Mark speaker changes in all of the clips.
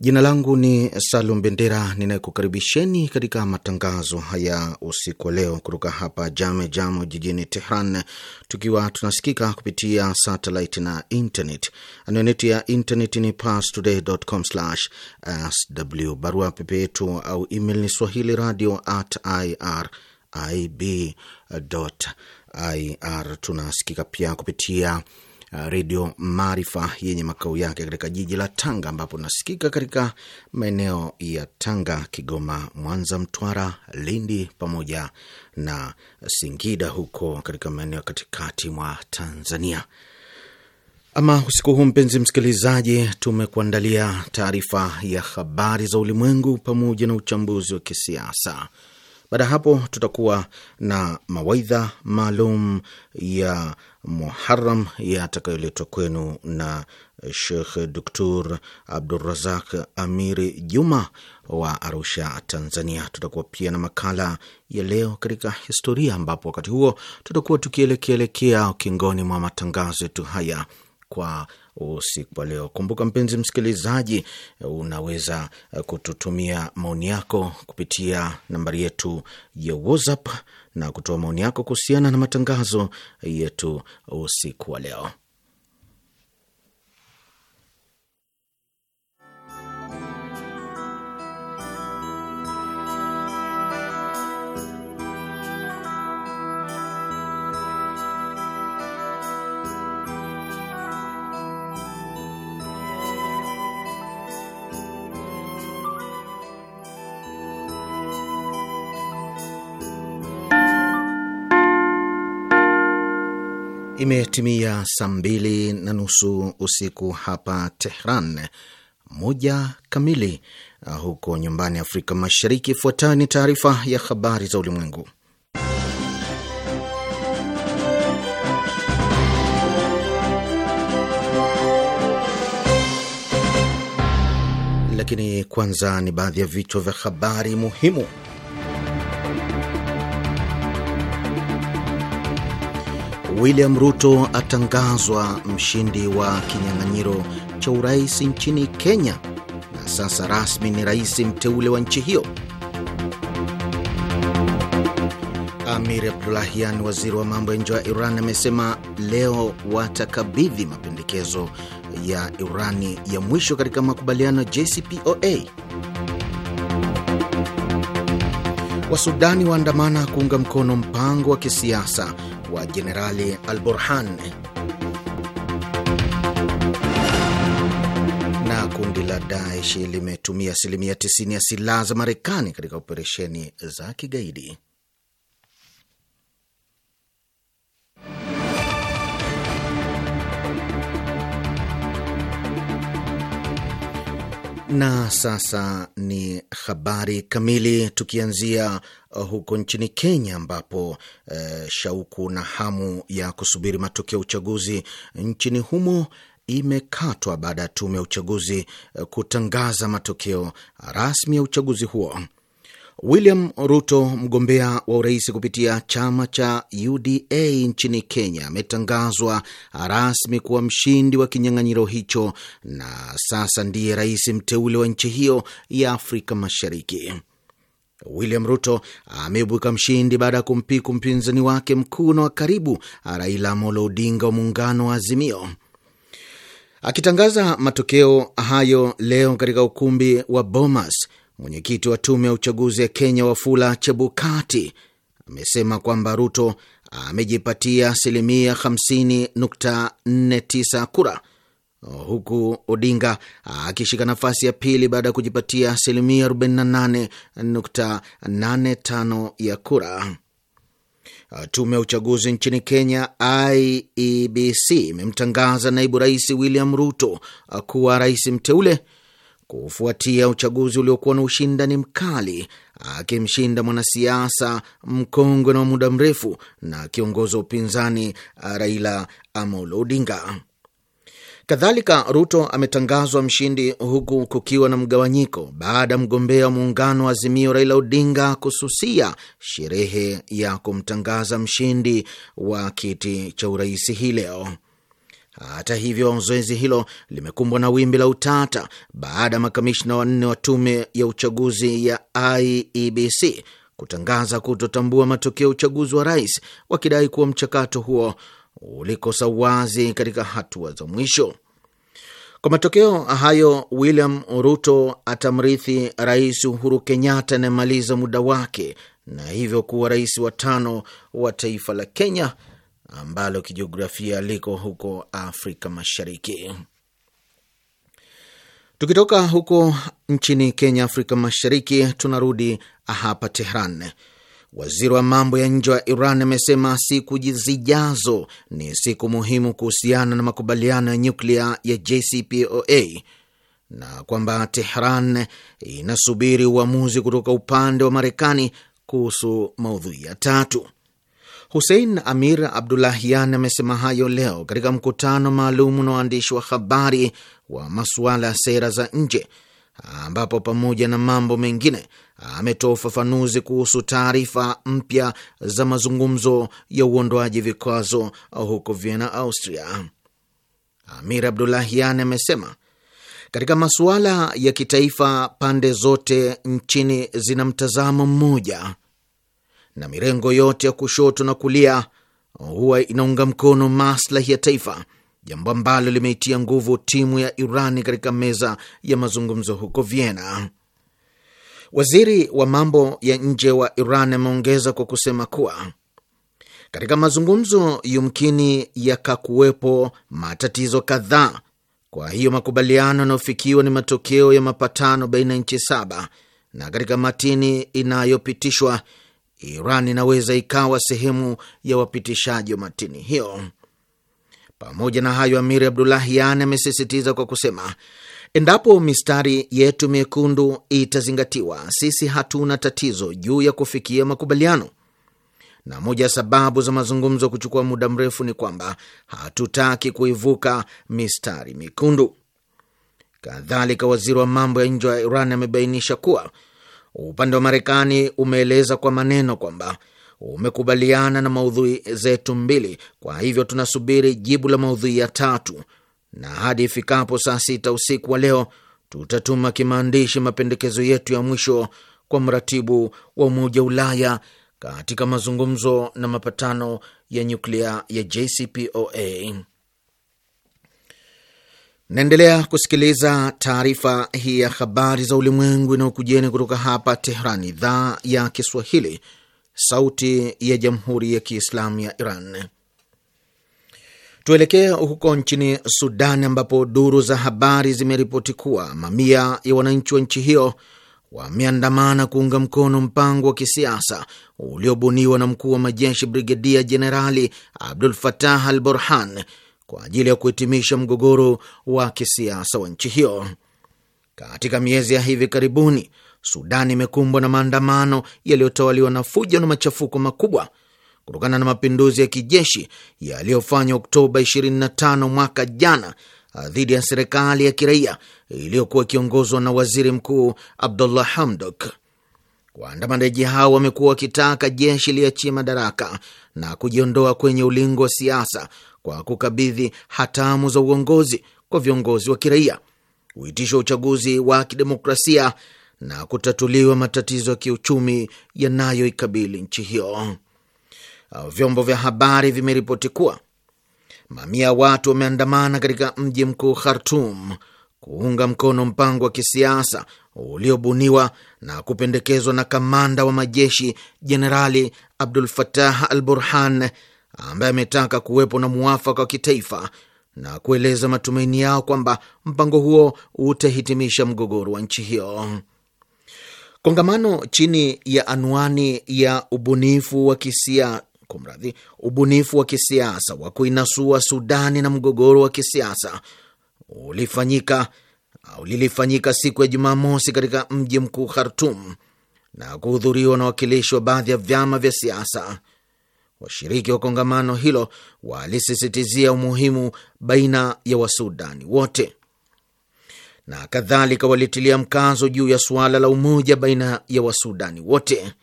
Speaker 1: Jina langu ni Salum Bendera, ninayekukaribisheni katika matangazo haya usiku wa leo kutoka hapa Jame Jamo jijini Tehran, tukiwa tunasikika kupitia satellite na internet. Anwani ya internet ni parstoday.com/sw. Barua pepe yetu au email ni swahili radio at irib ir. Tunasikika pia kupitia Uh, Redio Maarifa yenye makao yake katika jiji la Tanga, ambapo nasikika katika maeneo ya Tanga, Kigoma, Mwanza, Mtwara, Lindi pamoja na Singida, huko katika maeneo ya katikati mwa Tanzania. Ama usiku huu, mpenzi msikilizaji, tumekuandalia taarifa ya habari za ulimwengu pamoja na uchambuzi wa kisiasa baada ya hapo, tutakuwa na mawaidha maalum ya Muharam yatakayoletwa kwenu na Shekh Dktur Abdurazak Amiri Juma wa Arusha, Tanzania. Tutakuwa pia na makala ya leo katika historia, ambapo wakati huo tutakuwa tukielekeelekea ukingoni mwa matangazo yetu haya kwa usiku wa leo. Kumbuka mpenzi msikilizaji, unaweza kututumia maoni yako kupitia nambari yetu ya WhatsApp na kutoa maoni yako kuhusiana na matangazo yetu usiku wa leo. Imetimia saa mbili na nusu usiku hapa Tehran, moja kamili uh, huko nyumbani Afrika Mashariki. Ifuatayo ni taarifa ya habari za ulimwengu, lakini kwanza ni baadhi ya vichwa vya habari muhimu. William Ruto atangazwa mshindi wa kinyang'anyiro cha urais nchini Kenya na sasa rasmi ni rais mteule wa nchi hiyo. Amir Abdullahian, waziri wa mambo ya nje wa Iran, amesema leo watakabidhi mapendekezo ya Irani ya mwisho katika makubaliano ya JCPOA. Wasudani waandamana kuunga mkono mpango wa kisiasa wa Jenerali Al Burhan, na kundi la Daesh limetumia asilimia 90 ya silaha za Marekani katika operesheni za kigaidi. Na sasa ni habari kamili, tukianzia uh, huko nchini Kenya ambapo eh, shauku na hamu ya kusubiri matokeo ya uchaguzi nchini humo imekatwa baada ya tume ya uchaguzi uh, kutangaza matokeo rasmi ya uchaguzi huo. William Ruto, mgombea wa urais kupitia chama cha UDA nchini Kenya, ametangazwa rasmi kuwa mshindi wa kinyang'anyiro hicho na sasa ndiye rais mteule wa nchi hiyo ya Afrika Mashariki. William Ruto ameibuka mshindi baada ya kumpiku mpinzani wake mkuu na wa karibu Raila Amolo Odinga wa muungano wa Azimio. Akitangaza matokeo hayo leo katika ukumbi wa Bomas Mwenyekiti wa tume ya uchaguzi ya Kenya Wafula Chebukati amesema kwamba Ruto amejipatia asilimia 50.49 kura huku Odinga akishika nafasi ya pili baada ya kujipatia asilimia 48.85 ya kura. Tume ya uchaguzi nchini Kenya, IEBC, imemtangaza naibu rais William Ruto kuwa rais mteule kufuatia uchaguzi uliokuwa na ushindani mkali, akimshinda mwanasiasa mkongwe na wa muda mrefu na kiongozi wa upinzani uh, Raila Amolo Odinga. Kadhalika, Ruto ametangazwa mshindi huku kukiwa na mgawanyiko baada ya mgombea wa muungano wa Azimio Raila Odinga kususia sherehe ya kumtangaza mshindi wa kiti cha urais hii leo. Hata hivyo, zoezi hilo limekumbwa na wimbi la utata baada ya makamishna wanne wa tume ya uchaguzi ya IEBC kutangaza kutotambua matokeo ya uchaguzi wa rais, wakidai kuwa mchakato huo ulikosa uwazi katika hatua za mwisho. Kwa matokeo hayo, William Ruto atamrithi Rais Uhuru Kenyatta anayemaliza muda wake na hivyo kuwa rais wa tano wa taifa la Kenya ambalo kijiografia liko huko Afrika Mashariki. Tukitoka huko nchini Kenya, Afrika Mashariki, tunarudi hapa Tehran. Waziri wa mambo ya nje wa Iran amesema siku zijazo ni siku muhimu kuhusiana na makubaliano ya nyuklia ya JCPOA na kwamba Tehran inasubiri uamuzi kutoka upande wa Marekani kuhusu maudhui ya tatu husein Amir Abdulahian amesema hayo leo katika mkutano maalum na waandishi wa habari wa masuala ya sera za nje ambapo pamoja na mambo mengine ametoa ufafanuzi kuhusu taarifa mpya za mazungumzo ya uondoaji vikwazo huko Vienna, Austria. Amir Abdulahian amesema katika masuala ya kitaifa pande zote nchini zina mtazamo mmoja na mirengo yote ya kushoto na kulia huwa inaunga mkono maslahi ya taifa, jambo ambalo limeitia nguvu timu ya Irani katika meza ya mazungumzo huko Vienna. Waziri wa mambo ya nje wa Iran ameongeza kwa kusema kuwa katika mazungumzo yumkini yakakuwepo matatizo kadhaa. Kwa hiyo makubaliano yanayofikiwa ni matokeo ya mapatano baina ya nchi saba, na katika matini inayopitishwa Iran inaweza ikawa sehemu ya wapitishaji wa matini hiyo. Pamoja na hayo, Amiri Abdullahian amesisitiza kwa kusema, endapo mistari yetu mekundu itazingatiwa, sisi hatuna tatizo juu ya kufikia makubaliano na moja ya sababu za mazungumzo kuchukua muda mrefu ni kwamba hatutaki kuivuka mistari mekundu. Kadhalika, waziri wa mambo ya nje wa Iran amebainisha kuwa Upande wa Marekani umeeleza kwa maneno kwamba umekubaliana na maudhui zetu mbili, kwa hivyo tunasubiri jibu la maudhui ya tatu, na hadi ifikapo saa sita usiku wa leo tutatuma kimaandishi mapendekezo yetu ya mwisho kwa mratibu wa Umoja wa Ulaya katika mazungumzo na mapatano ya nyuklia ya JCPOA. Naendelea kusikiliza taarifa hii ya habari za ulimwengu inayokujeni kutoka hapa Tehran, idhaa ya Kiswahili, sauti ya jamhuri ya kiislamu ya Iran. Tuelekee huko nchini Sudan, ambapo duru za habari zimeripoti kuwa mamia ya wananchi wa nchi hiyo wameandamana kuunga mkono mpango wa kisiasa uliobuniwa na mkuu wa majeshi Brigedia Jenerali Abdul Fatah al Burhan kwa ajili ya kuhitimisha mgogoro wa kisiasa wa nchi hiyo. Katika miezi ya hivi karibuni, Sudani imekumbwa na maandamano yaliyotawaliwa na fujo na machafuko makubwa kutokana na mapinduzi ya kijeshi yaliyofanywa Oktoba 25 mwaka jana dhidi ya serikali ya kiraia iliyokuwa ikiongozwa na waziri mkuu Abdullah Hamdok. Waandamanaji hao wamekuwa wakitaka jeshi liachie madaraka na kujiondoa kwenye ulingo wa siasa kwa kukabidhi hatamu za uongozi kwa viongozi wa kiraia, kuitishwa uchaguzi wa kidemokrasia na kutatuliwa matatizo ya kiuchumi yanayoikabili nchi hiyo. Vyombo vya habari vimeripoti kuwa mamia ya watu wameandamana katika mji mkuu Khartum kuunga mkono mpango wa kisiasa uliobuniwa na kupendekezwa na kamanda wa majeshi Jenerali Abdul Fatah Al Burhan ambaye ametaka kuwepo na muafaka wa kitaifa na kueleza matumaini yao kwamba mpango huo utahitimisha mgogoro wa nchi hiyo. Kongamano chini ya anwani ya ubunifu wa kisia kumradhi, ubunifu wa kisiasa wa kuinasua Sudani na mgogoro wa kisiasa ulifanyika au lilifanyika siku ya Jumamosi katika mji mkuu Khartum na kuhudhuriwa na wakilishi wa baadhi ya vyama vya siasa. Washiriki wa kongamano hilo walisisitizia umuhimu baina ya wasudani wote na kadhalika, walitilia mkazo juu ya suala la umoja baina ya wasudani wote.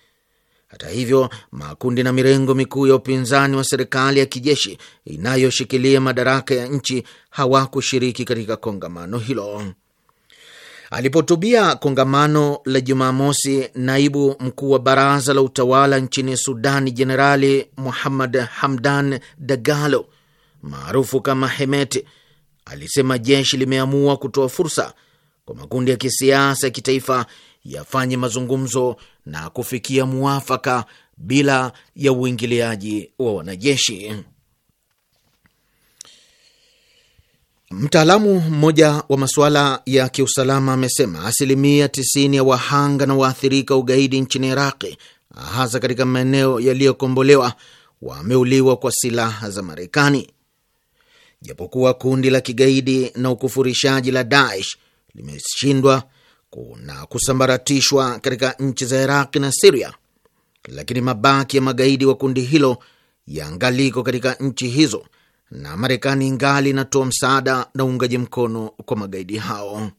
Speaker 1: Hata hivyo, makundi na mirengo mikuu ya upinzani wa serikali ya kijeshi inayoshikilia madaraka ya nchi hawakushiriki katika kongamano hilo. Alipotubia kongamano la Jumamosi, naibu mkuu wa baraza la utawala nchini Sudani, Jenerali Muhammad Hamdan Dagalo maarufu kama Hemeti, alisema jeshi limeamua kutoa fursa kwa makundi ya kisiasa ya kitaifa yafanye mazungumzo na kufikia muwafaka bila ya uingiliaji wa wanajeshi. Mtaalamu mmoja wa masuala ya kiusalama amesema asilimia 90 ya wahanga na waathirika ugaidi nchini Iraqi, hasa katika maeneo yaliyokombolewa, wameuliwa kwa silaha za Marekani, japokuwa kundi la kigaidi na ukufurishaji la Daesh limeshindwa na kusambaratishwa katika nchi za Iraqi na Siria, lakini mabaki ya magaidi wa kundi hilo yangaliko katika nchi hizo na Marekani ingali inatoa msaada na uungaji mkono kwa magaidi hao.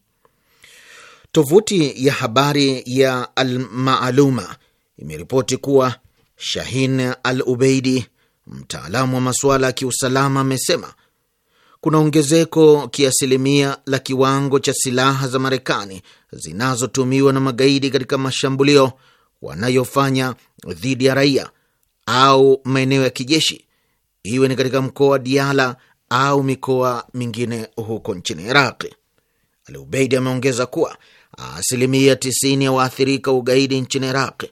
Speaker 1: Tovuti ya habari ya Almaaluma imeripoti kuwa Shahin Al Ubeidi, mtaalamu wa masuala ya kiusalama, amesema kuna ongezeko kiasilimia la kiwango cha silaha za Marekani zinazotumiwa na magaidi katika mashambulio wanayofanya dhidi ya raia au maeneo ya kijeshi iwe ni katika mkoa wa Diala au mikoa mingine huko nchini Iraqi. Al Ubeidi ameongeza kuwa asilimia 90 ya waathirika wa ugaidi nchini Iraqi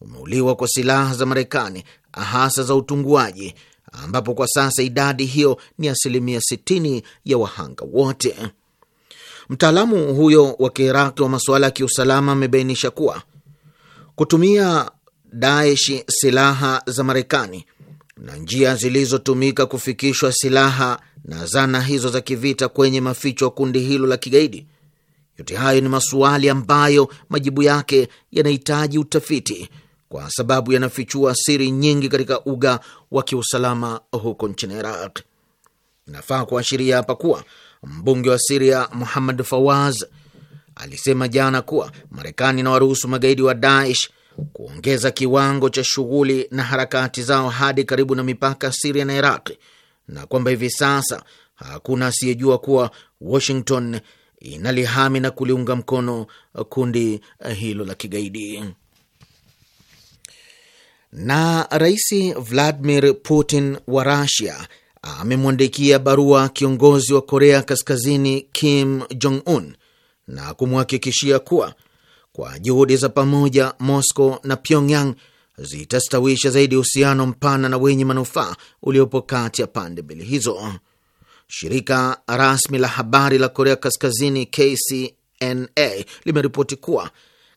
Speaker 1: umeuliwa kwa silaha za Marekani, hasa za utunguaji, ambapo kwa sasa idadi hiyo ni asilimia 60 ya wahanga wote. Mtaalamu huyo wa Kiiraqi wa masuala ya kiusalama amebainisha kuwa kutumia Daesh silaha za Marekani na njia zilizotumika kufikishwa silaha na zana hizo za kivita kwenye maficho ya kundi hilo la kigaidi. Yote hayo ni masuali ambayo majibu yake yanahitaji utafiti, kwa sababu yanafichua siri nyingi katika uga wa kiusalama huko nchini Iraq. Inafaa kuashiria hapa kuwa mbunge wa Siria Muhammad Fawaz alisema jana kuwa Marekani inawaruhusu magaidi wa Daesh kuongeza kiwango cha shughuli na harakati zao hadi karibu na mipaka Siria na Iraqi na kwamba hivi sasa hakuna asiyejua kuwa Washington inalihami na kuliunga mkono kundi hilo la kigaidi. Na Rais Vladimir Putin wa Russia amemwandikia barua kiongozi wa Korea Kaskazini Kim Jong Un na kumhakikishia kuwa kwa juhudi za pamoja, Moscow na Pyongyang zitastawisha zaidi uhusiano mpana na wenye manufaa uliopo kati ya pande mbili hizo. Shirika rasmi la habari la Korea Kaskazini KCNA limeripoti kuwa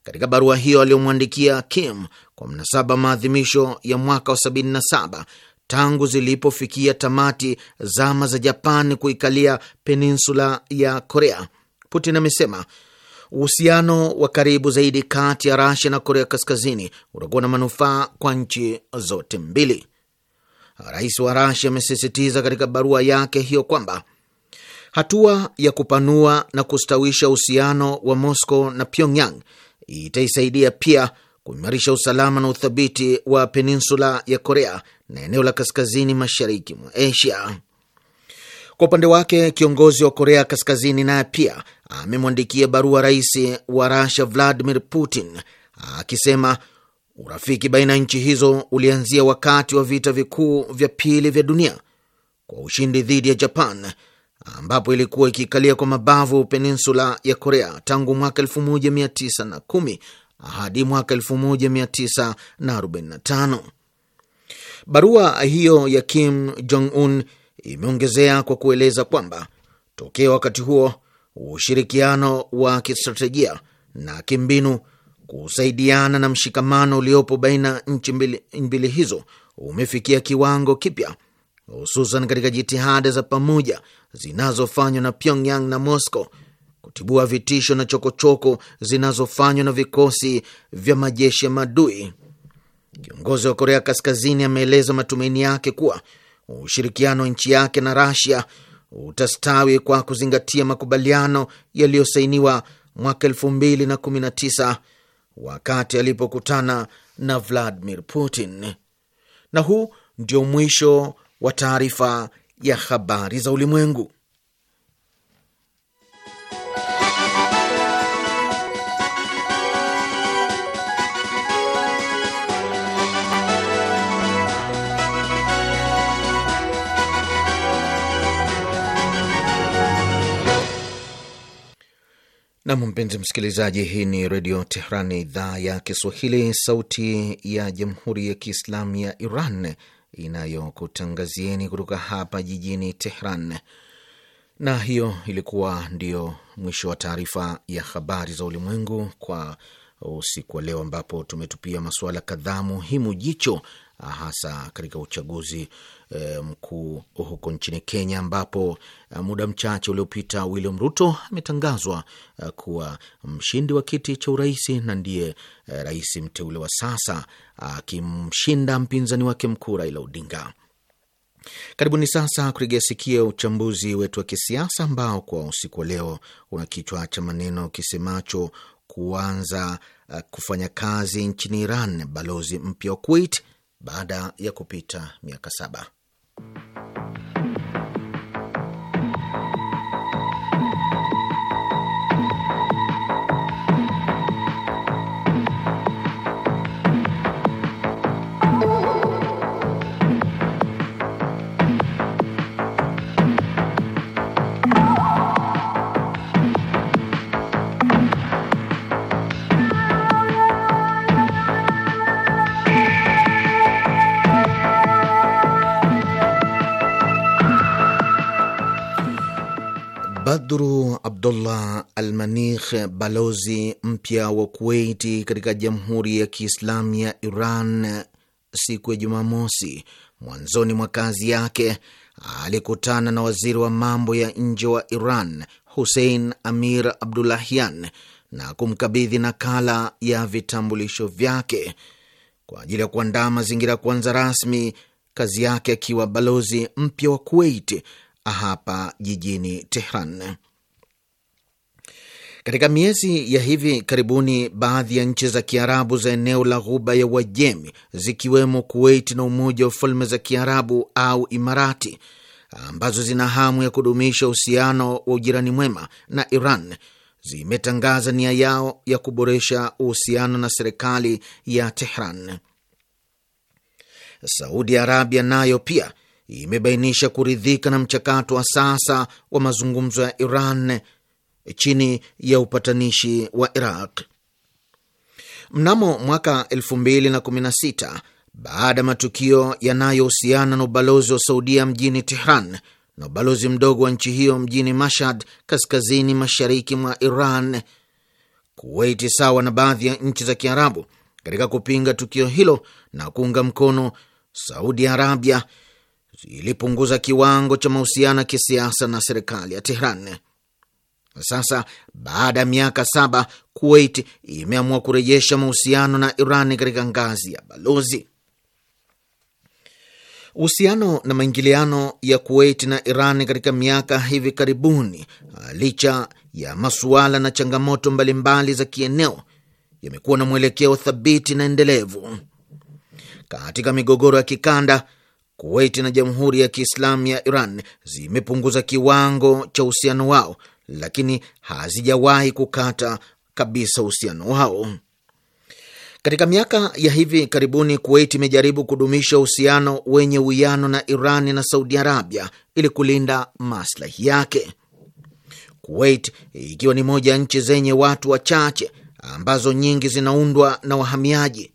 Speaker 1: katika barua hiyo aliyomwandikia Kim kwa mnasaba maadhimisho ya mwaka wa 77 tangu zilipofikia tamati zama za Japan kuikalia peninsula ya Korea, Putin amesema uhusiano wa karibu zaidi kati ya Rasia na Korea Kaskazini utakuwa na manufaa kwa nchi zote mbili. Rais wa Rasia amesisitiza katika barua yake hiyo kwamba hatua ya kupanua na kustawisha uhusiano wa Moscow na Pyongyang itaisaidia pia kuimarisha usalama na uthabiti wa peninsula ya Korea na eneo la kaskazini mashariki mwa Asia. Kwa upande wake, kiongozi wa Korea Kaskazini naye pia amemwandikia barua rais wa Russia Vladimir Putin akisema urafiki baina ya nchi hizo ulianzia wakati wa vita vikuu vya pili vya dunia kwa ushindi dhidi ya Japan ambapo ilikuwa ikikalia kwa mabavu peninsula ya Korea tangu mwaka 1910 hadi mwaka 1945. Barua hiyo ya Kim Jong Un imeongezea kwa kueleza kwamba tokea wakati huo ushirikiano wa kistratejia na kimbinu, kusaidiana na mshikamano uliopo baina ya nchi mbili hizo umefikia kiwango kipya, hususan katika jitihada za pamoja zinazofanywa na Pyongyang na Moscow kutibua vitisho na chokochoko zinazofanywa na vikosi vya majeshi ya madui. Kiongozi wa Korea Kaskazini ameeleza matumaini yake kuwa ushirikiano wa nchi yake na Rasia utastawi kwa kuzingatia makubaliano yaliyosainiwa mwaka tisa wakati alipokutana na Vladimir Putin. Na huu ndio mwisho wa taarifa ya habari za ulimwengu. Nam, mpenzi msikilizaji, hii ni Redio Tehran, idhaa ya Kiswahili, sauti ya Jamhuri ya Kiislamu ya Iran inayokutangazieni kutoka hapa jijini Tehran. Na hiyo ilikuwa ndiyo mwisho wa taarifa ya habari za ulimwengu kwa usiku wa leo, ambapo tumetupia masuala kadhaa muhimu jicho, hasa katika uchaguzi Eh, mkuu huko nchini Kenya, ambapo eh, muda mchache uliopita William Ruto ametangazwa eh, kuwa mshindi wa kiti cha urais na ndiye rais mteule wa sasa, akimshinda mpinzani wake mkuu Raila Odinga. Karibuni sasa kurejea sikia uchambuzi wetu wa kisiasa ambao kwa usiku wa leo una kichwa cha maneno kisemacho kuanza kufanya kazi nchini Iran balozi mpya wa Kuwait baada ya kupita miaka saba. Bye. Abdullah Almanikh, balozi mpya wa Kuweiti katika Jamhuri ya Kiislamu ya Iran, siku ya Jumamosi mwanzoni mwa kazi yake alikutana na waziri wa mambo ya nje wa Iran Hussein Amir Abdulahian na kumkabidhi nakala ya vitambulisho vyake kwa ajili ya kuandaa mazingira ya kuanza rasmi kazi yake akiwa balozi mpya wa Kuwait hapa jijini Tehran. Katika miezi ya hivi karibuni baadhi ya nchi za Kiarabu za eneo la Ghuba ya Uajemi zikiwemo Kuwait na Umoja wa Falme za Kiarabu au Imarati ambazo zina hamu ya kudumisha uhusiano wa ujirani mwema na Iran zimetangaza nia yao ya kuboresha uhusiano na serikali ya Tehran. Saudi Arabia nayo pia imebainisha kuridhika na mchakato wa sasa wa mazungumzo ya Iran chini ya upatanishi wa Iraq. Mnamo mwaka 2016 baada ya matukio yanayohusiana na ubalozi wa Saudia mjini Tehran na ubalozi mdogo wa nchi hiyo mjini Mashhad, kaskazini mashariki mwa Iran, Kuwaiti sawa na baadhi ya nchi za Kiarabu katika kupinga tukio hilo na kuunga mkono Saudi Arabia ilipunguza kiwango cha mahusiano ya kisiasa na serikali ya Tehran. Sasa baada ya miaka saba, Kuwait imeamua kurejesha mahusiano na Iran katika ngazi ya balozi. Uhusiano na maingiliano ya Kuwait na Iran katika miaka hivi karibuni, licha ya masuala na changamoto mbalimbali za kieneo, yamekuwa na mwelekeo thabiti na endelevu. Katika migogoro ya kikanda, Kuwait na Jamhuri ya Kiislamu ya Iran zimepunguza kiwango cha uhusiano wao lakini hazijawahi kukata kabisa uhusiano wao. Katika miaka ya hivi karibuni, Kuwait imejaribu kudumisha uhusiano wenye uwiano na Iran na Saudi Arabia ili kulinda maslahi yake. Kuwait ikiwa ni moja ya nchi zenye watu wachache ambazo nyingi zinaundwa na wahamiaji,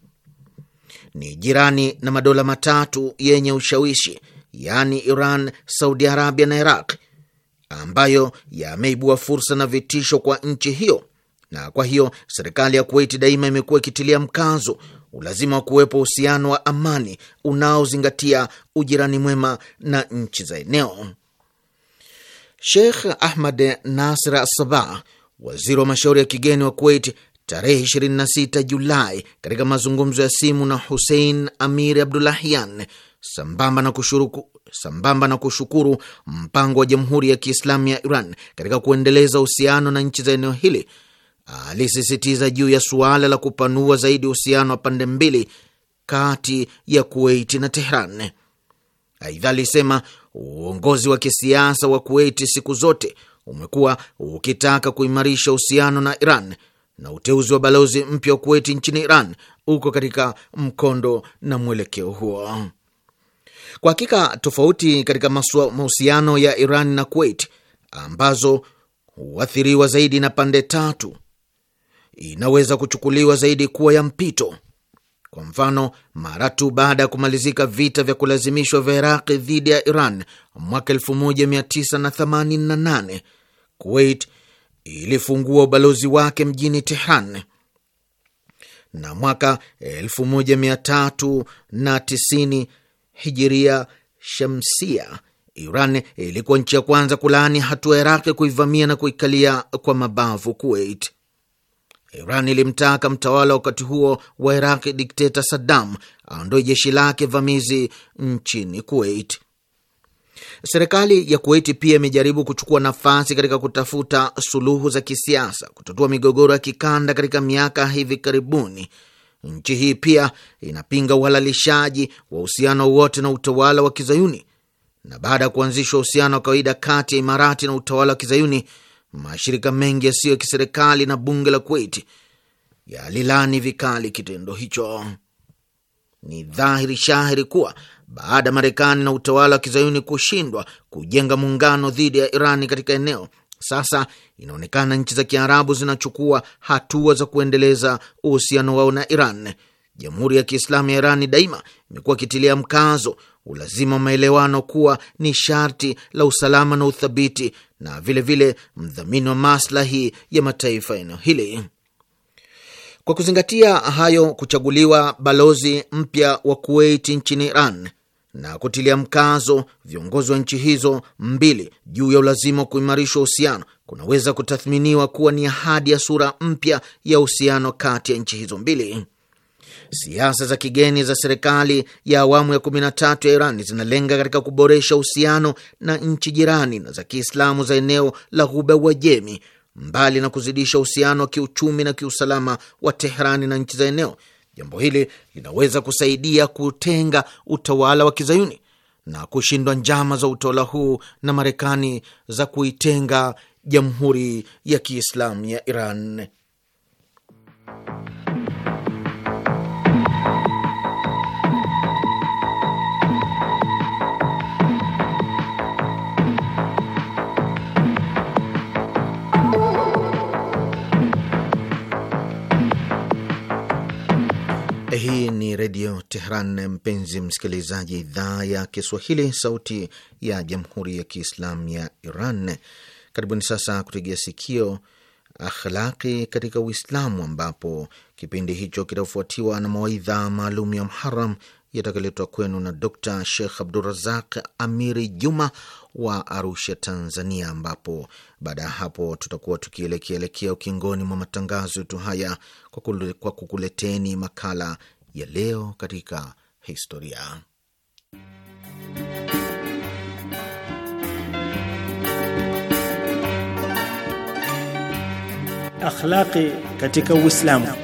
Speaker 1: ni jirani na madola matatu yenye ushawishi, yaani Iran, Saudi Arabia na Iraq, ambayo yameibua fursa na vitisho kwa nchi hiyo, na kwa hiyo serikali ya Kuwait daima imekuwa ikitilia mkazo ulazima wa kuwepo uhusiano wa amani unaozingatia ujirani mwema na nchi za eneo. Sheikh Ahmad Nasr Asaba, waziri wa mashauri ya kigeni wa Kuwait, tarehe 26 Julai, katika mazungumzo ya simu na Hussein Amir Abdulahian, sambamba na kushukuru, sambamba na kushukuru mpango wa Jamhuri ya Kiislamu ya Iran katika kuendeleza uhusiano na nchi za eneo hili, alisisitiza juu ya suala la kupanua zaidi uhusiano wa pande mbili kati ya Kuwait na Tehran. Aidha, alisema uongozi wa kisiasa wa Kuwait siku zote umekuwa ukitaka kuimarisha uhusiano na Iran na uteuzi wa balozi mpya wa Kuwait nchini Iran uko katika mkondo na mwelekeo huo. Kwa hakika tofauti katika mahusiano ya Iran na Kuwait ambazo huathiriwa zaidi na pande tatu inaweza kuchukuliwa zaidi kuwa ya mpito. Kwa mfano, mara tu baada ya kumalizika vita vya kulazimishwa vya Iraqi dhidi ya Iran mwaka 1988 Kuwait ilifungua ubalozi wake mjini Tehran na mwaka 1390 hijiria shamsia, Iran ilikuwa nchi ya kwanza kulaani hatua ya Iraqi kuivamia na kuikalia kwa mabavu Kuwait. Iran ilimtaka mtawala wakati huo wa Iraqi, dikteta Saddam, aondoe jeshi lake vamizi nchini Kuwait. Serikali ya Kuwaiti pia imejaribu kuchukua nafasi katika kutafuta suluhu za kisiasa, kutatua migogoro ya kikanda katika miaka hivi karibuni Nchi hii pia inapinga uhalalishaji wa uhusiano wote na utawala wa Kizayuni, na baada ya kuanzishwa uhusiano wa kawaida kati ya Imarati na utawala wa Kizayuni, mashirika mengi yasiyo ya kiserikali na bunge la Kuwait yalilani vikali kitendo hicho. Ni dhahiri shahiri kuwa baada ya Marekani na utawala wa Kizayuni kushindwa kujenga muungano dhidi ya Irani katika eneo sasa inaonekana nchi za Kiarabu zinachukua hatua za kuendeleza uhusiano wao na Iran. Jamhuri ya Kiislamu ya Irani daima imekuwa ikitilia mkazo ulazima wa maelewano kuwa ni sharti la usalama na uthabiti na vilevile vile mdhamini wa maslahi ya mataifa eneo hili. Kwa kuzingatia hayo, kuchaguliwa balozi mpya wa Kuwait nchini Iran na kutilia mkazo viongozi wa nchi hizo mbili juu ya ulazima wa kuimarisha uhusiano kunaweza kutathminiwa kuwa ni ahadi ya sura mpya ya uhusiano kati ya nchi hizo mbili. Siasa za kigeni za serikali ya awamu ya 13 ya Iran zinalenga katika kuboresha uhusiano na nchi jirani na za Kiislamu za eneo la Ghuba Uajemi, mbali na kuzidisha uhusiano wa kiuchumi na kiusalama wa Teherani na nchi za eneo Jambo hili linaweza kusaidia kutenga utawala wa kizayuni na kushindwa njama za utawala huu na Marekani za kuitenga Jamhuri ya Kiislamu ya Iran. Hii ni Redio Tehran, mpenzi msikilizaji, idhaa ya Kiswahili, sauti ya Jamhuri ya Kiislamu ya Iran. Karibuni sasa kutegea sikio Akhlaqi katika Uislamu, ambapo kipindi hicho kitafuatiwa na mawaidha maalum ya Muharam yatakaletwa kwenu na Dr Sheikh Abdurazaq Amiri Juma wa Arusha, Tanzania, ambapo baada ya hapo tutakuwa tukielekeelekea ukingoni mwa matangazo yetu haya kwa kukuleteni makala ya leo katika historia.
Speaker 2: Akhlaqi katika Uislamu.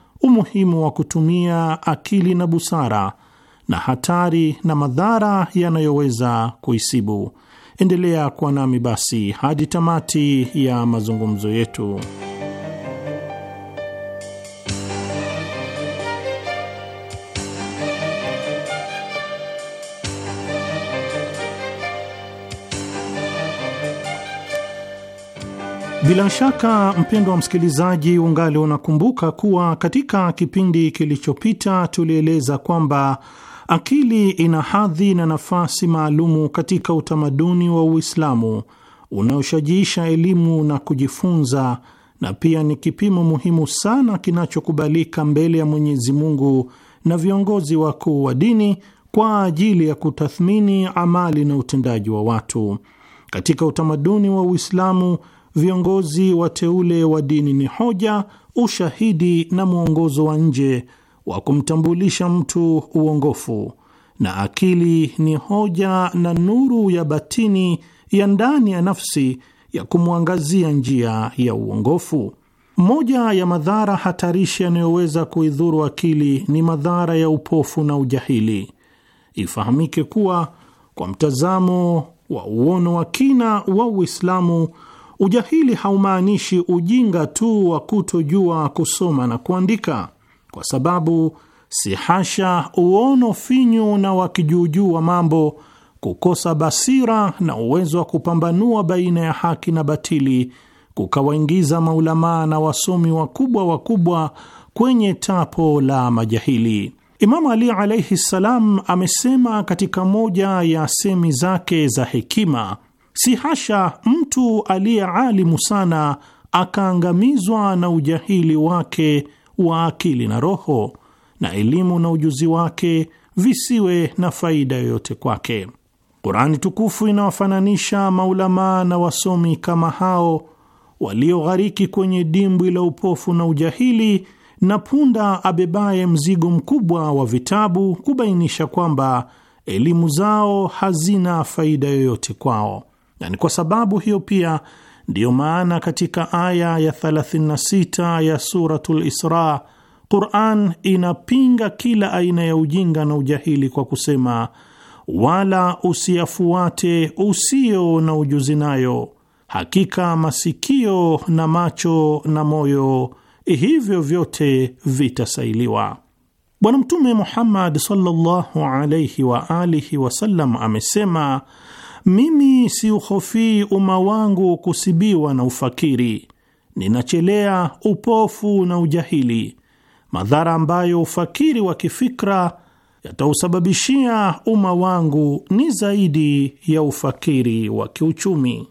Speaker 2: umuhimu wa kutumia akili na busara na hatari na madhara yanayoweza kuisibu. Endelea kuwa nami basi hadi tamati ya mazungumzo yetu. Bila shaka mpendo wa msikilizaji, ungali unakumbuka kuwa katika kipindi kilichopita tulieleza kwamba akili ina hadhi na nafasi maalumu katika utamaduni wa Uislamu unaoshajiisha elimu na kujifunza, na pia ni kipimo muhimu sana kinachokubalika mbele ya Mwenyezi Mungu na viongozi wakuu wa dini kwa ajili ya kutathmini amali na utendaji wa watu katika utamaduni wa Uislamu viongozi wateule wa dini ni hoja, ushahidi na mwongozo wa nje wa kumtambulisha mtu uongofu, na akili ni hoja na nuru ya batini ya ndani ya nafsi ya kumwangazia njia ya uongofu. Moja ya madhara hatarishi yanayoweza kuidhuru akili ni madhara ya upofu na ujahili. Ifahamike kuwa kwa mtazamo wa uono wa kina wa Uislamu Ujahili haumaanishi ujinga tu wa kutojua kusoma na kuandika, kwa sababu si hasha, uono finyu na wakijuujuu wa mambo, kukosa basira na uwezo wa kupambanua baina ya haki na batili kukawaingiza maulamaa na wasomi wakubwa wakubwa kwenye tapo la majahili. Imamu Ali alaihi ssalam amesema katika moja ya semi zake za hekima Si hasha mtu aliye alimu sana akaangamizwa na ujahili wake wa akili na roho, na elimu na ujuzi wake visiwe na faida yoyote kwake. Kurani tukufu inawafananisha maulamaa na wasomi kama hao walioghariki kwenye dimbwi la upofu na ujahili na punda abebaye mzigo mkubwa wa vitabu kubainisha kwamba elimu zao hazina faida yoyote kwao na ni kwa sababu hiyo pia ndiyo maana katika aya ya 36 ya Suratul Isra Quran inapinga kila aina ya ujinga na ujahili kwa kusema, wala usiyafuate usio na ujuzi nayo, hakika masikio na macho na moyo hivyo vyote vitasailiwa. Bwana Mtume Muhammad sallallahu alayhi wa alihi wasallam amesema mimi siuhofii umma wangu kusibiwa na ufakiri, ninachelea upofu na ujahili, madhara ambayo ufakiri wa kifikra yatausababishia umma wangu ni zaidi ya ufakiri wa kiuchumi.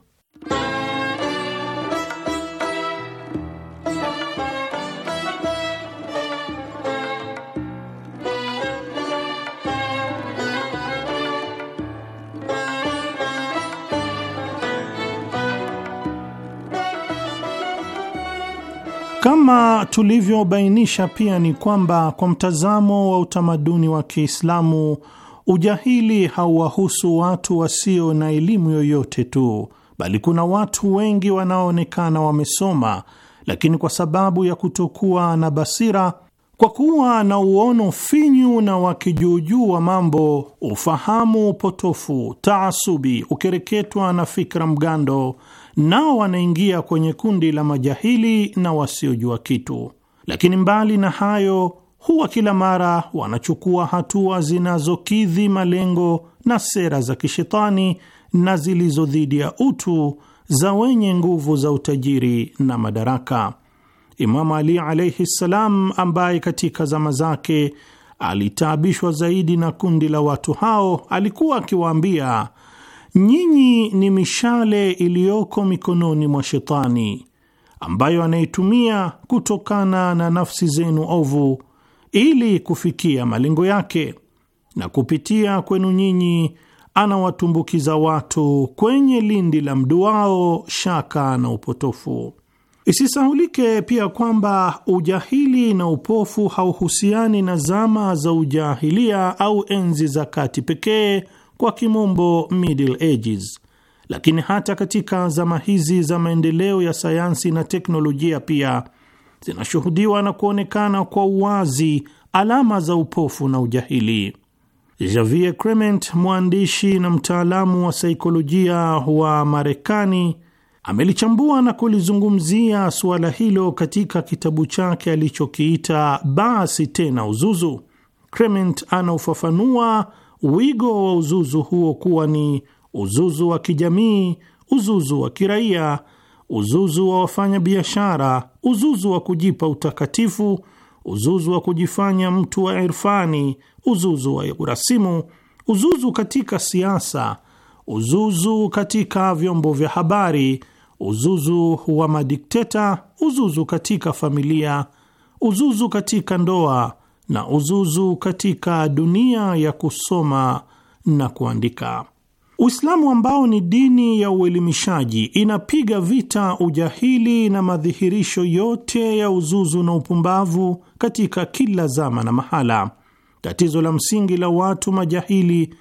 Speaker 2: Kama tulivyobainisha pia ni kwamba kwa mtazamo wa utamaduni wa Kiislamu, ujahili hauwahusu watu wasio na elimu yoyote tu, bali kuna watu wengi wanaoonekana wamesoma, lakini kwa sababu ya kutokuwa na basira, kwa kuwa na uono finyu na wakijuujuu wa mambo, ufahamu potofu, taasubi, ukereketwa na fikra mgando nao wanaingia kwenye kundi la majahili na wasiojua kitu. Lakini mbali na hayo, huwa kila mara wanachukua hatua zinazokidhi malengo na sera za kishetani na zilizo dhidi ya utu za wenye nguvu za utajiri na madaraka. Imamu Ali alaihi ssalam, ambaye katika zama zake alitaabishwa zaidi na kundi la watu hao, alikuwa akiwaambia nyinyi ni mishale iliyoko mikononi mwa Shetani ambayo anaitumia kutokana na nafsi zenu ovu ili kufikia malengo yake, na kupitia kwenu nyinyi anawatumbukiza watu kwenye lindi la mduao shaka na upotofu. Isisahulike pia kwamba ujahili na upofu hauhusiani na zama za ujahilia au enzi za kati pekee kwa kimombo Middle Ages. Lakini hata katika zama hizi za maendeleo ya sayansi na teknolojia pia zinashuhudiwa na kuonekana kwa uwazi alama za upofu na ujahili. Javier Crement, mwandishi na mtaalamu wa saikolojia wa Marekani, amelichambua na kulizungumzia suala hilo katika kitabu chake alichokiita Basi Tena Uzuzu. Crement anaufafanua wigo wa uzuzu huo kuwa ni uzuzu wa kijamii, uzuzu wa kiraia, uzuzu wa wafanyabiashara, uzuzu wa kujipa utakatifu, uzuzu wa kujifanya mtu wa irfani, uzuzu wa urasimu, uzuzu katika siasa, uzuzu katika vyombo vya habari, uzuzu wa madikteta, uzuzu katika familia, uzuzu katika ndoa na uzuzu katika dunia ya kusoma na kuandika. Uislamu ambao ni dini ya uelimishaji inapiga vita ujahili na madhihirisho yote ya uzuzu na upumbavu katika kila zama na mahala. Tatizo la msingi la watu majahili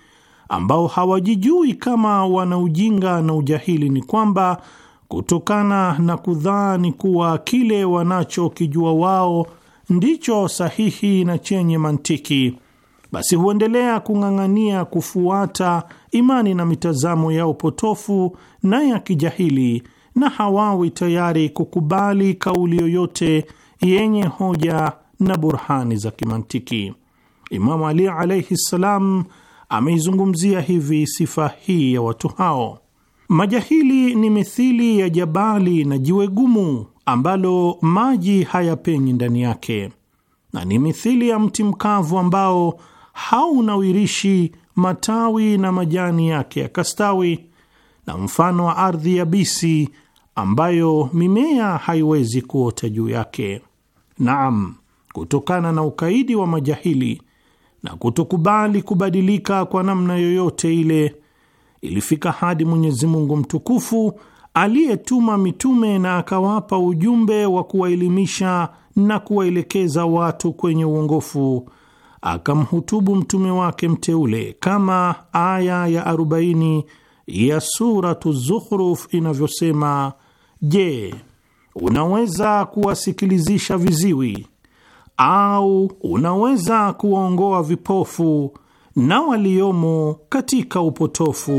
Speaker 2: ambao hawajijui kama wana ujinga na ujahili ni kwamba kutokana na kudhani kuwa kile wanachokijua wao ndicho sahihi na chenye mantiki, basi huendelea kung'ang'ania kufuata imani na mitazamo yao potofu na ya kijahili, na hawawi tayari kukubali kauli yoyote yenye hoja na burhani za kimantiki. Imamu Ali alaihi ssalam ameizungumzia hivi sifa hii ya watu hao: majahili ni mithili ya jabali na jiwe gumu ambalo maji hayapenyi ndani yake, na ni mithili ya mti mkavu ambao haunawirishi matawi na majani yake yakastawi, na mfano wa ardhi yabisi ambayo mimea haiwezi kuota juu yake. Naam, kutokana na ukaidi wa majahili na kutokubali kubadilika kwa namna yoyote ile, ilifika hadi Mwenyezi Mungu mtukufu aliyetuma mitume na akawapa ujumbe wa kuwaelimisha na kuwaelekeza watu kwenye uongofu, akamhutubu mtume wake mteule kama aya ya 40 ya Suratu Zukhruf inavyosema: Je, unaweza kuwasikilizisha viziwi au unaweza kuwaongoa vipofu na waliomo katika upotofu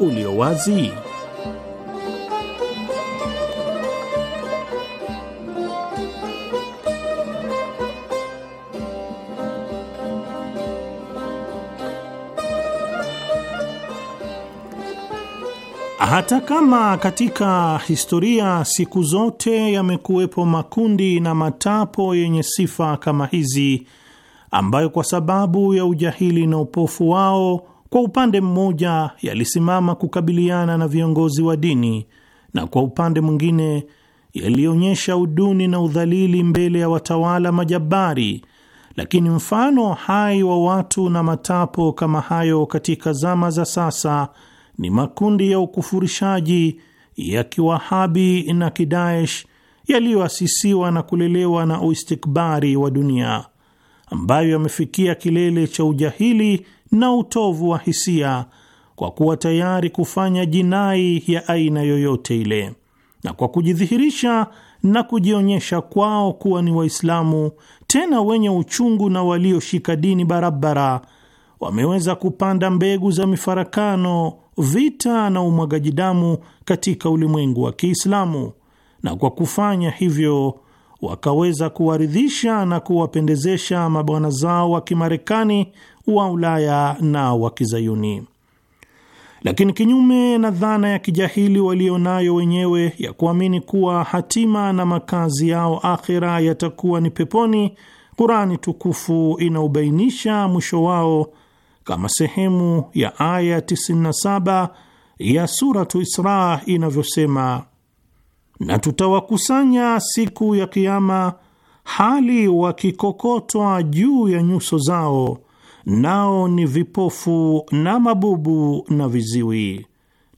Speaker 2: ulio wazi? Hata kama katika historia siku zote yamekuwepo makundi na matapo yenye sifa kama hizi, ambayo kwa sababu ya ujahili na upofu wao, kwa upande mmoja yalisimama kukabiliana na viongozi wa dini na kwa upande mwingine yalionyesha uduni na udhalili mbele ya watawala majabari. Lakini mfano hai wa watu na matapo kama hayo katika zama za sasa ni makundi ya ukufurishaji ya kiwahabi na kidaesh yaliyoasisiwa na kulelewa na uistikbari wa dunia ambayo yamefikia kilele cha ujahili na utovu wa hisia kwa kuwa tayari kufanya jinai ya aina yoyote ile, na kwa kujidhihirisha na kujionyesha kwao kuwa ni Waislamu tena wenye uchungu na walioshika dini barabara, wameweza kupanda mbegu za mifarakano vita na umwagaji damu katika ulimwengu wa Kiislamu, na kwa kufanya hivyo wakaweza kuwaridhisha na kuwapendezesha mabwana zao wa Kimarekani, wa Ulaya na wa Kizayuni. Lakini kinyume na dhana ya kijahili nayo wenyewe ya kuamini kuwa hatima na makazi yao akhira yatakuwa ni peponi, Kurani tukufu inaubainisha mwisho wao kama sehemu ya aya 97 ya Suratu Isra inavyosema, na tutawakusanya siku ya Kiama hali wakikokotwa juu ya nyuso zao, nao ni vipofu na mabubu na viziwi,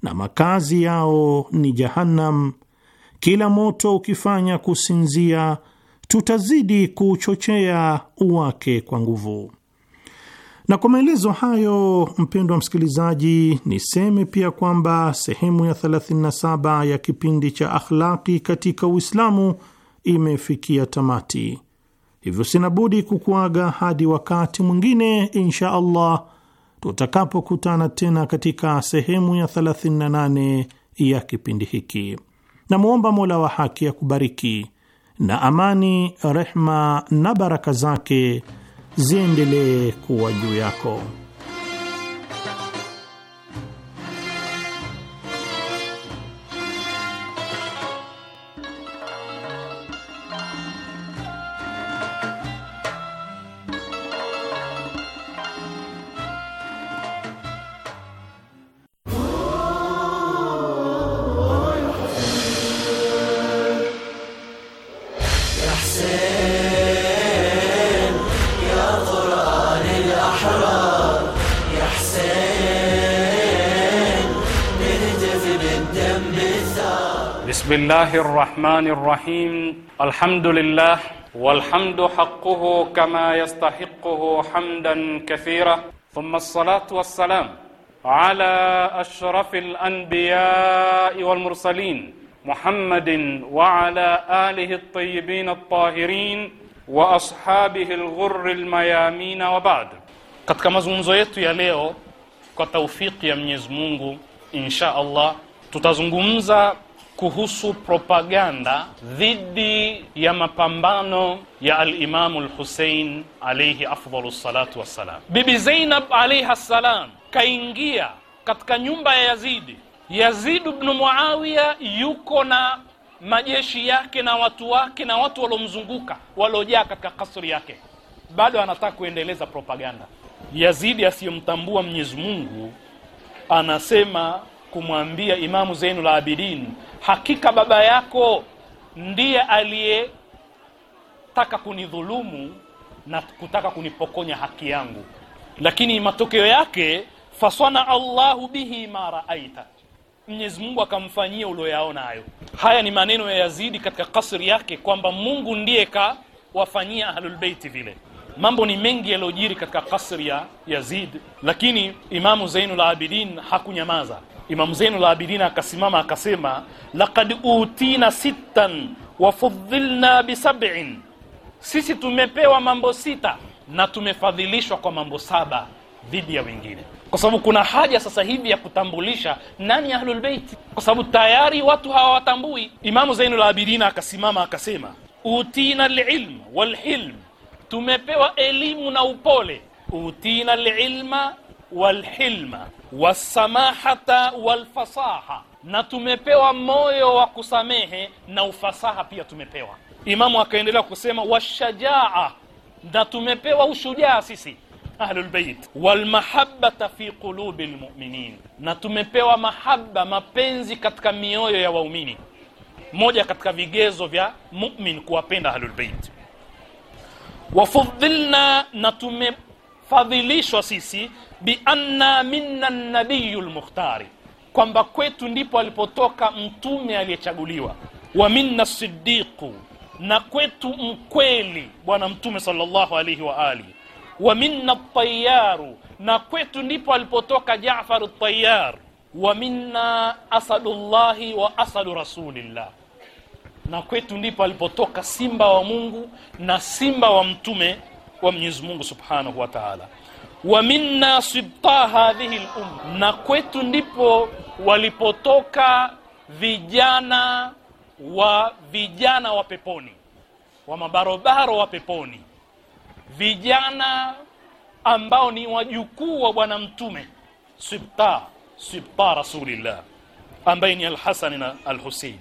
Speaker 2: na makazi yao ni Jahannam. Kila moto ukifanya kusinzia, tutazidi kuuchochea uwake kwa nguvu. Na kwa maelezo hayo, mpendwa msikilizaji, niseme pia kwamba sehemu ya 37 ya kipindi cha akhlaki katika Uislamu imefikia tamati, hivyo sina budi kukuaga hadi wakati mwingine insha Allah tutakapokutana tena katika sehemu ya 38 ya kipindi hiki. Namwomba Mola wa haki ya kubariki na amani, rehma na baraka zake ziendelee kuwa juu yako.
Speaker 3: الله الرحمن الرحيم الحمد لله والحمد حقه كما يستحقه حمدا كثيرا ثم الصلاة والسلام على أشرف الأنبياء والمرسلين محمد وعلى آله الطيبين الطاهرين وأصحابه الغر الميامين وبعد katika mazungumzo yetu ya leo kwa يا من mwenyezi mungu insha allah kuhusu propaganda dhidi ya mapambano ya alimamu lhusein alaihi afdalu salatu wassalam. Bibi Zainab alaihi ssalam kaingia katika nyumba ya Yazidi. Yazid bnu Muawiya yuko na majeshi yake na watu wake na watu waliomzunguka waliojaa katika kasri yake, bado anataka kuendeleza propaganda. Yazidi asiyemtambua Mwenyezi Mungu anasema kumwambia Imamu Zainul Abidin, hakika baba yako ndiye aliyetaka kunidhulumu na kutaka kunipokonya haki yangu, lakini matokeo yake fasana Allahu bihi ma raaita, Mwenyezi Mungu akamfanyia ulioyaona hayo. Haya ni maneno ya Yazidi katika kasri yake kwamba Mungu ndiye kawafanyia ahlulbeiti vile. Mambo ni mengi yaliyojiri katika kasri ya Yazid, lakini Imamu Zainul Abidin hakunyamaza. Imam Zainu Labidina akasimama akasema, laqad utina sittan wa bisabin bi sab'in, sisi tumepewa mambo sita na tumefadhilishwa kwa mambo saba dhidi ya wengine, kwa sababu kuna haja sasa hivi ya kutambulisha nani Ahlul Bait, kwa sababu tayari watu hawawatambui. Imamu Zainu Labidina akasimama akasema, utina alilm walhilm, tumepewa elimu na upole. Utina alilma walhilma wasamahata walfasaha, na tumepewa moyo wa kusamehe na ufasaha pia tumepewa. Imamu akaendelea kusema washajaa, na tumepewa ushujaa sisi ahlulbeit walmahabata fi qulubi lmuminin, na tumepewa mahaba, mapenzi katika mioyo ya waumini. Moja katika vigezo vya mumin kuwapenda ahlulbeit. Wafudhilna, na tume tumefadhilishwa sisi bianna minna nabiyu lmukhtari kwamba kwetu ndipo alipotoka mtume aliyechaguliwa wa minna sidiqu na kwetu mkweli bwana mtume sallallahu alaihi wa alihi wa minna tayaru na kwetu ndipo alipotoka Jaafar tayar. wa minna asadullahi wa asadu rasulillah na kwetu ndipo alipotoka simba wa Mungu na simba wa mtume wa Mwenyezi Mungu Subhanahu wa Ta'ala. Wa minna sibta hadhihi al-umma, na kwetu ndipo walipotoka vijana wa vijana wa peponi, wa mabarobaro wa peponi, vijana ambao ni wajukuu wa bwana mtume sibta sibta rasulillah, ambaye ni al-Hasan na al-Husein.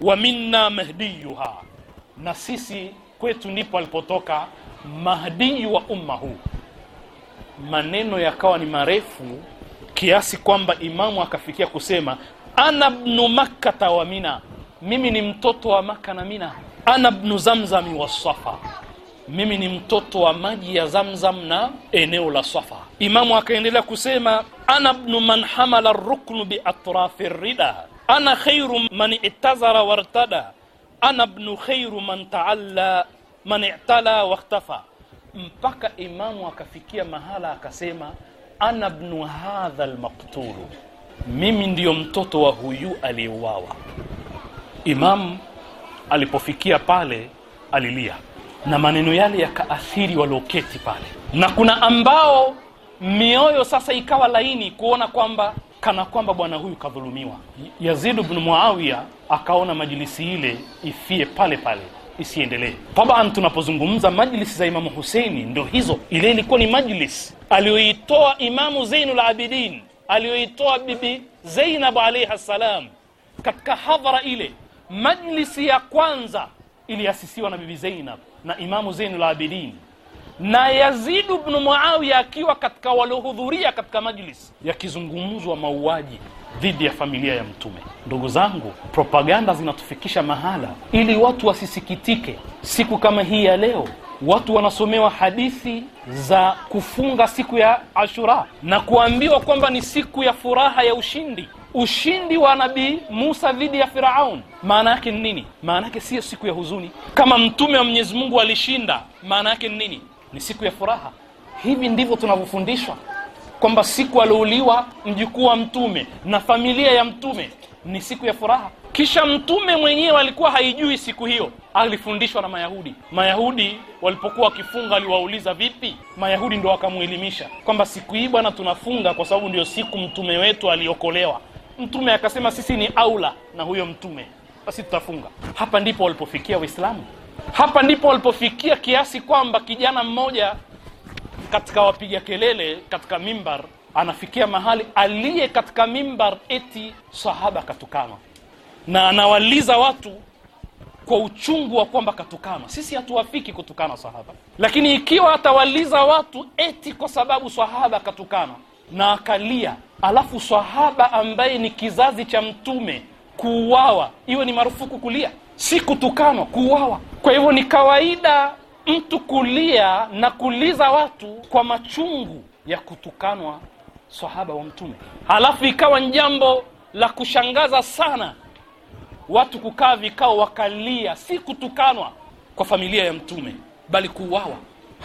Speaker 3: Wa minna mahdiyuha, na sisi kwetu ndipo alipotoka Mahdi wa umma huu. Maneno yakawa ni marefu kiasi kwamba imamu akafikia kusema ana bnu makkata wa mina, mimi ni mtoto wa Maka na Mina. Ana bnu zamzami wa Safa, mimi ni mtoto wa maji ya Zamzam na eneo la Safa. Imamu akaendelea kusema ana bnu man hamala ruknu biatrafi rida ana khairu man itazara wartada ana bnu khairu man taalla man i'tala wakhtafa mpaka imamu akafikia mahala akasema ana ibn hadha lmaktulu mimi ndiyo mtoto wa huyu aliyeuawa imamu alipofikia pale alilia na maneno yale yakaathiri walioketi pale na kuna ambao mioyo sasa ikawa laini kuona kwamba kana kwamba bwana huyu kadhulumiwa yazid bnu muawiya akaona majilisi ile ifie pale pale isiendelee. Taban, tunapozungumza majlisi za Imamu Huseini ndo hizo, ile ilikuwa ni majlis aliyoitoa Imamu Zeinul Abidin, aliyoitoa Bibi zeinabu alaihi ssalam katika hadhara ile. Majlisi ya kwanza iliasisiwa na Bibi zeinab na Imamu Zainul Abidin na Yazid bnu Muawiya akiwa katika waliohudhuria katika majlis yakizungumzwa mauaji dhidi ya familia ya Mtume. Ndugu zangu, propaganda zinatufikisha mahala, ili watu wasisikitike. Siku kama hii ya leo watu wanasomewa hadithi za kufunga siku ya Ashura na kuambiwa kwamba ni siku ya furaha ya ushindi, ushindi wa Nabii Musa dhidi ya Firaun. Maana yake ni nini? Maana yake siyo siku ya huzuni. Kama mtume wa Mwenyezi Mungu alishinda, maana yake ni nini? ni siku ya furaha. Hivi ndivyo tunavyofundishwa kwamba siku aliouliwa mjukuu wa mtume na familia ya mtume ni siku ya furaha. Kisha mtume mwenyewe alikuwa haijui siku hiyo, alifundishwa na Mayahudi. Mayahudi walipokuwa wakifunga aliwauliza vipi, Mayahudi ndo wakamwelimisha kwamba siku hii bwana, tunafunga kwa sababu ndio siku mtume wetu aliokolewa. Mtume akasema sisi ni aula na huyo mtume, basi tutafunga. Hapa ndipo walipofikia Waislamu. Hapa ndipo walipofikia kiasi kwamba kijana mmoja katika wapiga kelele katika mimbar anafikia mahali aliye katika mimbar eti sahaba katukana, na anawaliza watu kwa uchungu wa kwamba katukana. Sisi hatuwafiki kutukana sahaba, lakini ikiwa atawaliza watu eti kwa sababu sahaba katukana na akalia, alafu sahaba ambaye ni kizazi cha Mtume kuuawa, iwe ni marufuku kulia? si kutukanwa, kuuawa. Kwa hivyo ni kawaida mtu kulia na kuliza watu kwa machungu ya kutukanwa sahaba wa Mtume. Halafu ikawa ni jambo la kushangaza sana watu kukaa vikao wakalia, si kutukanwa kwa familia ya Mtume, bali kuuawa.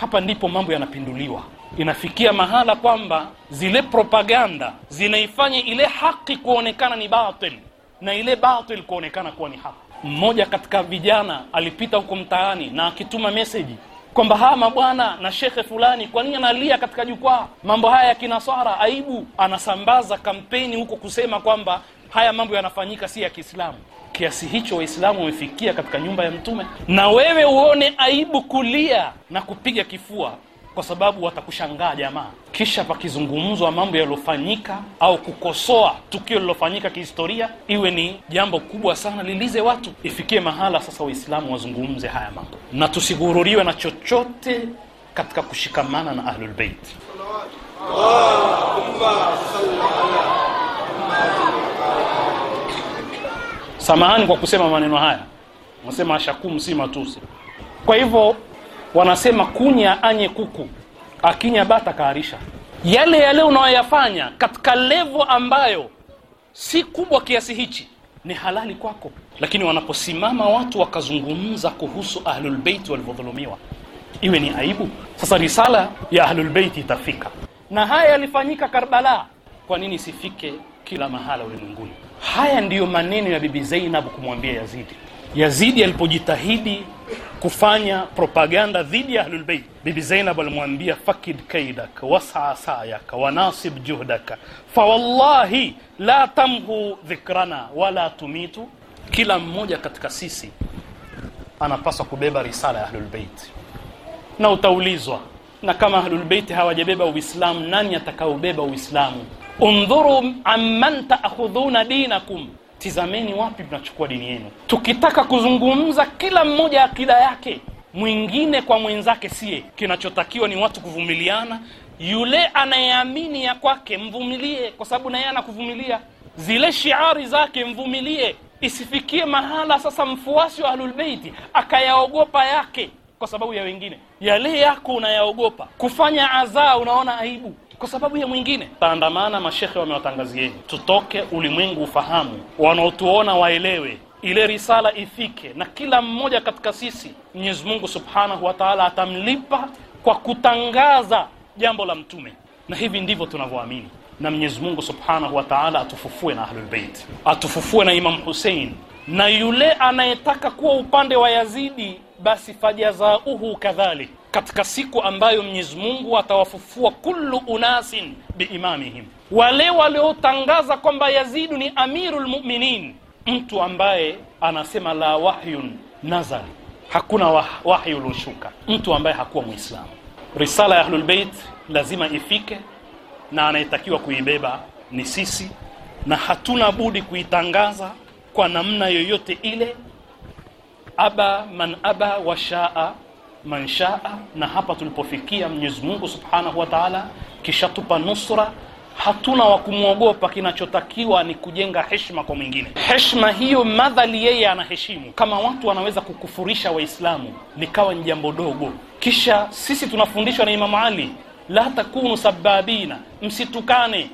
Speaker 3: Hapa ndipo mambo yanapinduliwa. Inafikia mahala kwamba zile propaganda zinaifanya ile haki kuonekana ni batil na ile batil kuonekana kuwa ni haki mmoja katika vijana alipita huko mtaani na akituma meseji kwamba haya mabwana na shekhe fulani, kwa nini analia katika jukwaa mambo haya ya kinaswara? Aibu. Anasambaza kampeni huko kusema kwamba haya mambo yanafanyika si ya Kiislamu. Kiasi hicho Waislamu wamefikia katika nyumba ya Mtume, na wewe uone aibu kulia na kupiga kifua kwa sababu watakushangaa jamaa. Kisha pakizungumzwa mambo yaliyofanyika au kukosoa tukio lililofanyika kihistoria, iwe ni jambo kubwa sana, lilize watu, ifikie mahala sasa Waislamu wazungumze haya mambo, na tusighururiwe na chochote katika kushikamana na Ahlulbeit. Samahani kwa kusema maneno haya, nasema ashakum si matusi. Kwa hivyo wanasema kunya anye kuku akinya bata kaarisha yale yale unayoyafanya katika levo ambayo si kubwa kiasi hichi ni halali kwako lakini wanaposimama watu wakazungumza kuhusu ahlulbeiti walivyodhulumiwa iwe ni aibu sasa risala ya ahlulbeiti itafika na haya yalifanyika karbala kwa nini isifike kila mahala ulimwenguni haya ndiyo maneno ya bibi zainab kumwambia yazidi yazidi alipojitahidi kufanya propaganda dhidi ya Ahlul Bayt. Bibi Zainab alimwambia fakid kaidaka wasaa sayaka wanasib juhdaka fawallahi la tamhu dhikrana wala tumitu. Kila mmoja katika sisi anapaswa kubeba risala ya Ahlul Bayt, na utaulizwa na kama Ahlul Bayt hawajabeba Uislamu, nani atakaobeba Uislamu? Undhuru amman taakhudhuna dinakum tizameni wapi mnachukua dini yenu. Tukitaka kuzungumza kila mmoja akida yake mwingine kwa mwenzake siye, kinachotakiwa ni watu kuvumiliana. Yule anayeamini ya kwake mvumilie, kwa sababu naye anakuvumilia. Zile shiari zake mvumilie, isifikie mahala sasa mfuasi wa Ahlulbeiti akayaogopa yake kwa sababu ya wengine. Yale yako unayaogopa, kufanya adhaa unaona aibu kwa sababu ya mwingine. Taandamana, mashekhe wamewatangazieni, tutoke ulimwengu ufahamu, wanaotuona waelewe ile risala ifike, na kila mmoja katika sisi Mwenyezi Mungu Subhanahu wa Ta'ala atamlipa kwa kutangaza jambo la Mtume, na hivi ndivyo tunavyoamini. Na Mwenyezi Mungu Subhanahu wa Ta'ala atufufue na Ahlulbeit, atufufue na Imam husein na yule anayetaka kuwa upande wa Yazidi, basi fajazauhu kadhalik katika siku ambayo Mwenyezi Mungu atawafufua kullu unasin biimamihim, wale waliotangaza kwamba Yazidu ni amirul mu'minin, mtu ambaye anasema la wahyun nazari, hakuna wah, wahyi ulioshuka, mtu ambaye hakuwa Muislamu. Risala ya Ahlul Bait lazima ifike, na anayetakiwa kuibeba ni sisi, na hatuna budi kuitangaza kwa namna yoyote ile, aba man aba washaa manshaa na hapa tulipofikia Mwenyezi Mungu Subhanahu wa Ta'ala tupa nusra hatuna wa kumwogopa. Kinachotakiwa ni kujenga heshima kwa mwingine. Heshima hiyo madhali yeye anaheshimu. Kama watu wanaweza kukufurisha Waislamu likawa ni jambo dogo, kisha sisi tunafundishwa na Imamu Ali, la takunu sababina, msitukane,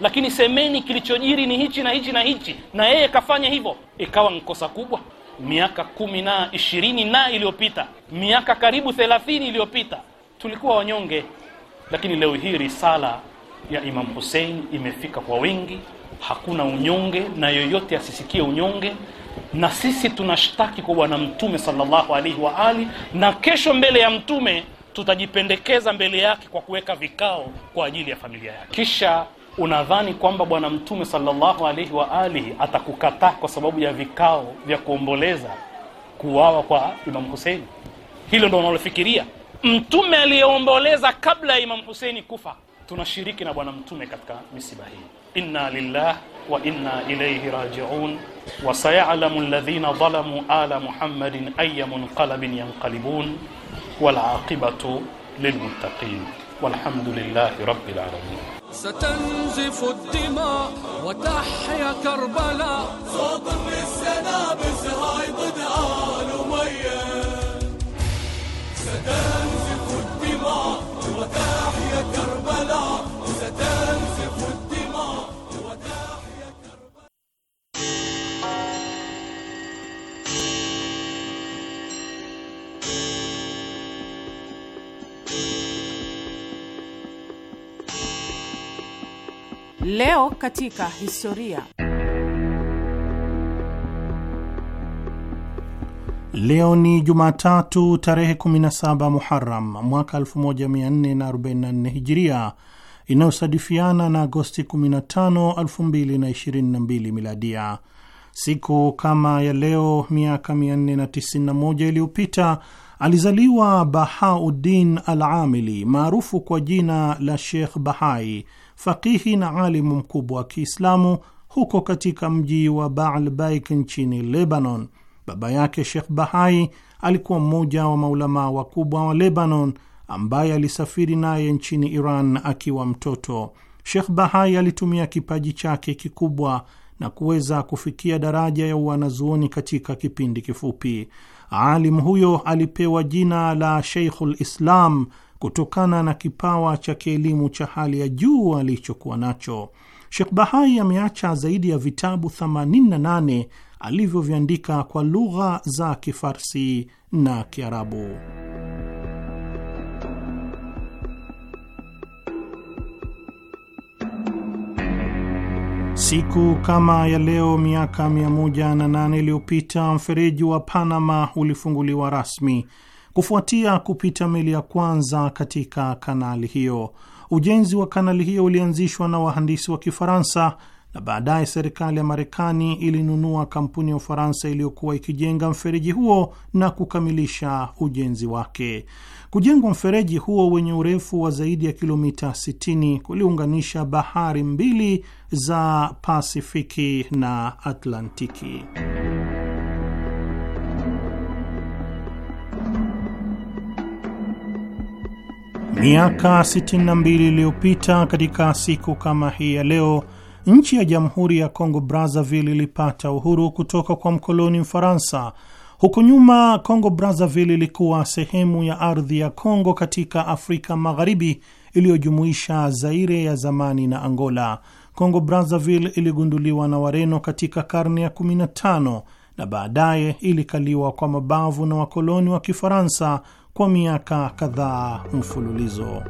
Speaker 3: lakini semeni kilichojiri ni hichi na hichi na hichi, na yeye kafanya hivyo, ikawa nkosa kubwa miaka kumi na ishirini na iliyopita, miaka karibu thelathini iliyopita tulikuwa wanyonge, lakini leo hii risala ya Imam husein imefika kwa wingi Hakuna unyonge na yoyote asisikie unyonge, na sisi tunashtaki kwa Bwana Mtume sallallahu alaihi wa ali, na kesho mbele ya Mtume tutajipendekeza mbele yake kwa kuweka vikao kwa ajili ya familia yake kisha unadhani kwamba bwana mtume sallallahu alaihi wa alihi atakukataa kwa sababu ya vikao vya kuomboleza kuuawa kwa Imam husein Hilo ndio unalofikiria? Mtume aliyeomboleza kabla ya Imam Huseini kufa, tunashiriki na bwana mtume katika misiba hii. Inna lillah wa inna ilayhi rajiun wa sayalamu alladhina zalamu ala muhammadin aya munqalabin yanqalibun wal aqibatu lilmuttaqin walhamdulillahi rabbil alamin. ستنزف الدماء وتحيا كربلاء صوت من السنابس هاي ضد آلو Leo katika historia.
Speaker 2: Leo ni Jumatatu tarehe 17 Muharam mwaka 1444 Hijiria, inayosadifiana na Agosti 15, 2022 Miladia. Siku kama ya leo miaka 491 iliyopita alizaliwa Bahauddin al Amili, maarufu kwa jina la Sheikh Bahai, fakihi na alimu mkubwa wa Kiislamu huko katika mji wa Baalbaik nchini Lebanon. Baba yake Sheikh Bahai alikuwa mmoja wa maulamaa wakubwa wa Lebanon ambaye alisafiri naye nchini Iran akiwa mtoto. Sheikh Bahai alitumia kipaji chake kikubwa na kuweza kufikia daraja ya uanazuoni katika kipindi kifupi. Alim huyo alipewa jina la Sheikhul Islam kutokana na kipawa cha kielimu cha hali ya juu alichokuwa nacho. shekh Bahai ameacha zaidi ya vitabu 88 alivyoviandika kwa lugha za Kifarsi na Kiarabu. Siku kama ya leo miaka 108 iliyopita mfereji wa Panama ulifunguliwa rasmi kufuatia kupita meli ya kwanza katika kanali hiyo. Ujenzi wa kanali hiyo ulianzishwa na wahandisi wa Kifaransa na baadaye serikali ya Marekani ilinunua kampuni ya Ufaransa iliyokuwa ikijenga mfereji huo na kukamilisha ujenzi wake. Kujengwa mfereji huo wenye urefu wa zaidi ya kilomita 60 kuliunganisha bahari mbili za Pasifiki na Atlantiki. Miaka 62 iliyopita katika siku kama hii ya leo, nchi ya Jamhuri ya Kongo Brazzaville ilipata uhuru kutoka kwa mkoloni Mfaransa. Huko nyuma, Kongo Brazzaville ilikuwa sehemu ya ardhi ya Kongo katika Afrika Magharibi iliyojumuisha Zaire ya zamani na Angola. Kongo Brazzaville iligunduliwa na Wareno katika karne ya 15 na baadaye ilikaliwa kwa mabavu na wakoloni wa Kifaransa kwa miaka kadhaa mfululizo.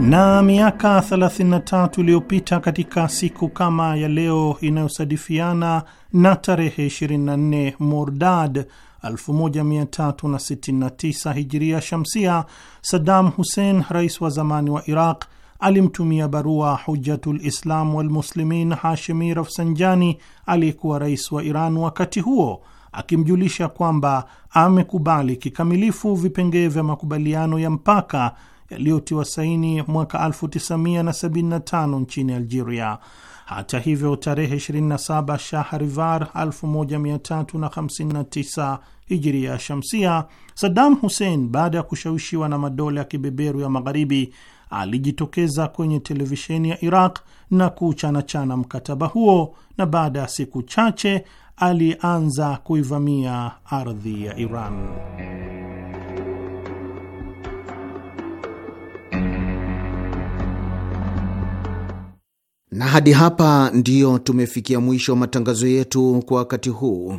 Speaker 2: Na miaka 33 iliyopita katika siku kama ya leo inayosadifiana na tarehe 24 Mordad 1369 Hijria Shamsia, Saddam Hussein, rais wa zamani wa Iraq alimtumia barua Hujatul Islam Walmuslimin Hashimi Rafsanjani aliyekuwa rais wa Iran wakati huo akimjulisha kwamba amekubali kikamilifu vipengee vya makubaliano ya mpaka yaliyotiwa saini mwaka 1975 nchini Algeria. Hata hivyo, tarehe 27 Shahrivar 1359 Hijiria Shamsia, Saddam Hussein baada ya kushawishiwa na madola ya kibeberu ya Magharibi alijitokeza kwenye televisheni ya Iraq na kuchanachana mkataba huo, na baada ya siku chache alianza kuivamia ardhi ya Iran.
Speaker 1: Na hadi hapa ndiyo tumefikia mwisho wa matangazo yetu kwa wakati huu.